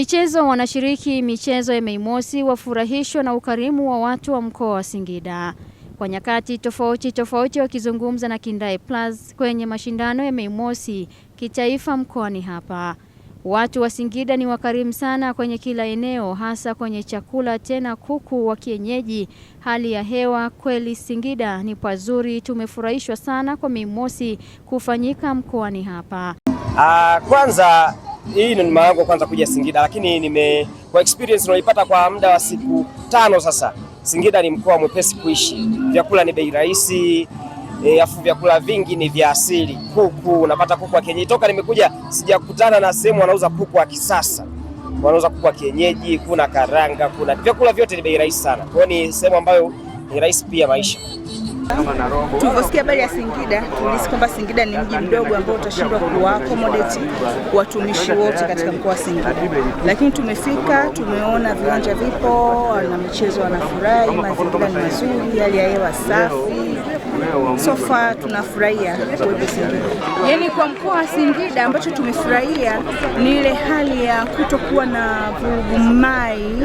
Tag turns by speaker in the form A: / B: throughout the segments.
A: Michezo wanashiriki michezo ya Mei Mosi wafurahishwa na ukarimu wa watu wa mkoa wa Singida kwa nyakati tofauti tofauti. Wakizungumza na Kindai Plus kwenye mashindano ya Mei Mosi kitaifa mkoani hapa, watu wa Singida ni wakarimu sana kwenye kila eneo, hasa kwenye chakula, tena kuku wa kienyeji. Hali ya hewa kweli Singida ni pazuri, tumefurahishwa sana kwa Mei Mosi kufanyika mkoani hapa.
B: Aa, ah, kwanza hii ni mara yangu kwanza kuja Singida, lakini nime kwa experience nilipata kwa muda wa siku tano sasa. Singida ni mkoa mwepesi kuishi, vyakula ni bei rahisi, e, afu vyakula vingi ni vya asili. Kuku unapata kuku wa kienyeji. Toka nimekuja sijakutana na sehemu wanauza kuku wa kisasa, wanauza kuku wa kienyeji, kuna karanga, kuna vyakula vyote ni bei rahisi sana. Kwa hiyo ni sehemu ambayo ni rahisi pia maisha.
C: Tulivyosikia habari ya Singida tulihisi kwamba Singida ni mji mdogo ambao utashindwa kuwaaccommodate watumishi wote katika mkoa wa Singida, lakini tumefika, tumeona viwanja vipo na michezo wanafurahi, mazingira ni mazuri, hali ya hewa safi sofa tunafurahia kuwepo Singida. Yaani kwa mkoa wa Singida ambacho tumefurahia ni ile hali ya kutokuwa na vurugumai,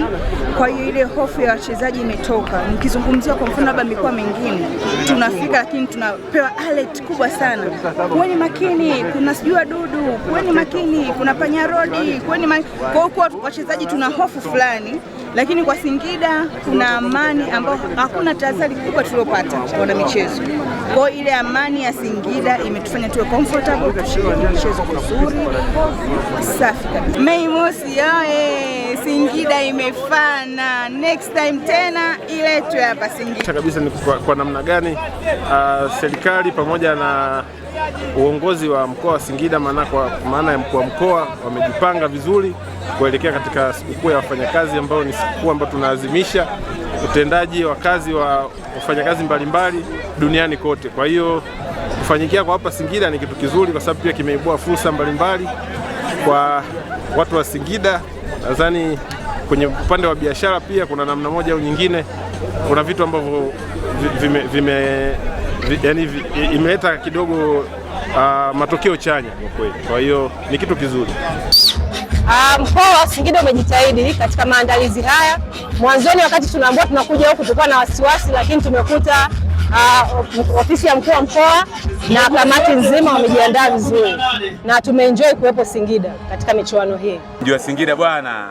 C: kwa hiyo ile hofu ya wachezaji imetoka. Nikizungumzia kwa mfano labda mikoa mingine tunafika, lakini tunapewa alert kubwa sana, kuweni makini, kuna sijui wadudu, kuweni makini, kuna panya rodi, kuweni makini. Kwa hiyo wachezaji tuna hofu fulani lakini kwa Singida kuna amani ambayo hakuna tahadhari kubwa tuliopata wana michezo. Kwa hiyo ile amani ya Singida imetufanya tuwe comfortable, tushiriki michezo vizuri, safi kabisa. Mei Mosi yoye, Singida imefana. Next time tena ile tu hapa Singida
D: kabisa. Ni kwa, kwa namna gani uh, serikali pamoja na uongozi wa mkoa wa Singida, maana kwa maana ya mkuu wa mkoa wamejipanga vizuri kuelekea katika sikukuu ya wafanyakazi ambayo ni sikukuu ambayo tunaadhimisha utendaji wa kazi wa wafanyakazi mbalimbali duniani kote. Kwa hiyo kufanyikia kwa hapa Singida ni kitu kizuri, kwa sababu pia kimeibua fursa mbalimbali kwa watu wa Singida. Nadhani kwenye upande wa biashara pia kuna namna moja au nyingine, kuna vitu ambavyo vime, vime, vime, yani, imeleta kidogo uh, matokeo chanya kwa kweli, kwa hiyo ni kitu kizuri.
C: Ah, mkoa um, wa Singida umejitahidi katika maandalizi haya. Mwanzoni wakati tunaambiwa tunakuja huku tulikuwa na wasiwasi, lakini tumekuta uh, ofisi ya mkuu wa mkoa na kamati nzima wamejiandaa vizuri na tumeenjoy kuwepo Singida katika michuano hii.
E: Jua Singida bwana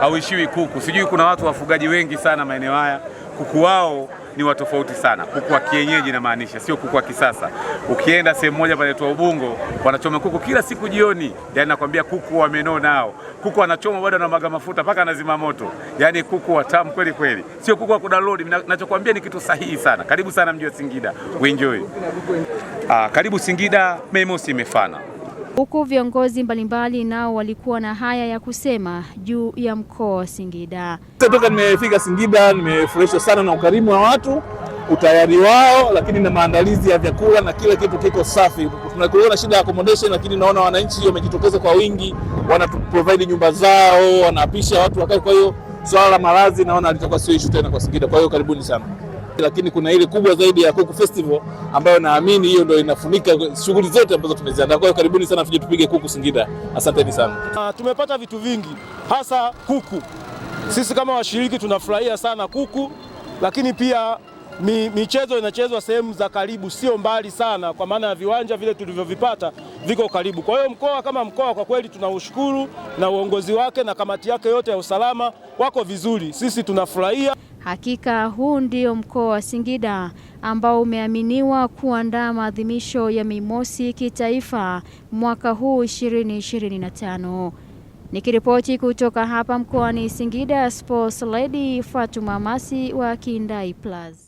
E: hauishiwi kuku. Sijui kuna watu wafugaji wengi sana maeneo haya kuku wao ni wa tofauti sana. Kuku wa kienyeji namaanisha, sio kuku wa kisasa. Ukienda sehemu moja panaitwa Ubungo, wanachoma kuku kila siku jioni, yani nakwambia kuku wamenoo nao Kuku anachoma bado maga mafuta mpaka anazima moto, yani kuku watamu kweli kweli, sio kuku wa kudownload. Ninachokwambia ni kitu sahihi sana. Karibu sana mji wa Singida, uenjoy. Ah, karibu Singida, Mei imefana
A: huku viongozi mbalimbali nao walikuwa na haya ya kusema juu ya mkoa wa Singida.
B: Toka nimefika Singida, nimefurahishwa sana na ukarimu wa watu, utayari wao, lakini na maandalizi ya vyakula na kila kitu kiko safi. Tunakuwa na shida ya accommodation, lakini naona wananchi wamejitokeza kwa wingi, wanaprovide nyumba zao, wanapisha watu wakae. Kwa hiyo swala la malazi naona litakuwa sio issue tena kwa Singida. Kwa hiyo karibuni sana lakini kuna ile kubwa zaidi ya Kuku Festival ambayo naamini hiyo ndio inafunika shughuli zote ambazo tumeziandaa. Kwa hiyo karibuni sana, tuje tupige kuku Singida. Asanteni sana.
F: Tumepata vitu vingi, hasa kuku. Sisi kama washiriki tunafurahia sana kuku, lakini pia mi, michezo inachezwa sehemu za karibu, sio mbali sana, kwa maana ya viwanja vile tulivyovipata viko karibu. Kwa hiyo mkoa kama mkoa kwa kweli tunaushukuru na uongozi wake na kamati yake yote ya usalama wako vizuri, sisi tunafurahia.
A: Hakika huu ndio mkoa wa Singida ambao umeaminiwa kuandaa maadhimisho ya Mei Mosi kitaifa mwaka huu 2025. Nikiripoti kutoka hapa mkoani Singida, sports lady Fatuma Masi wa Kindai Plus.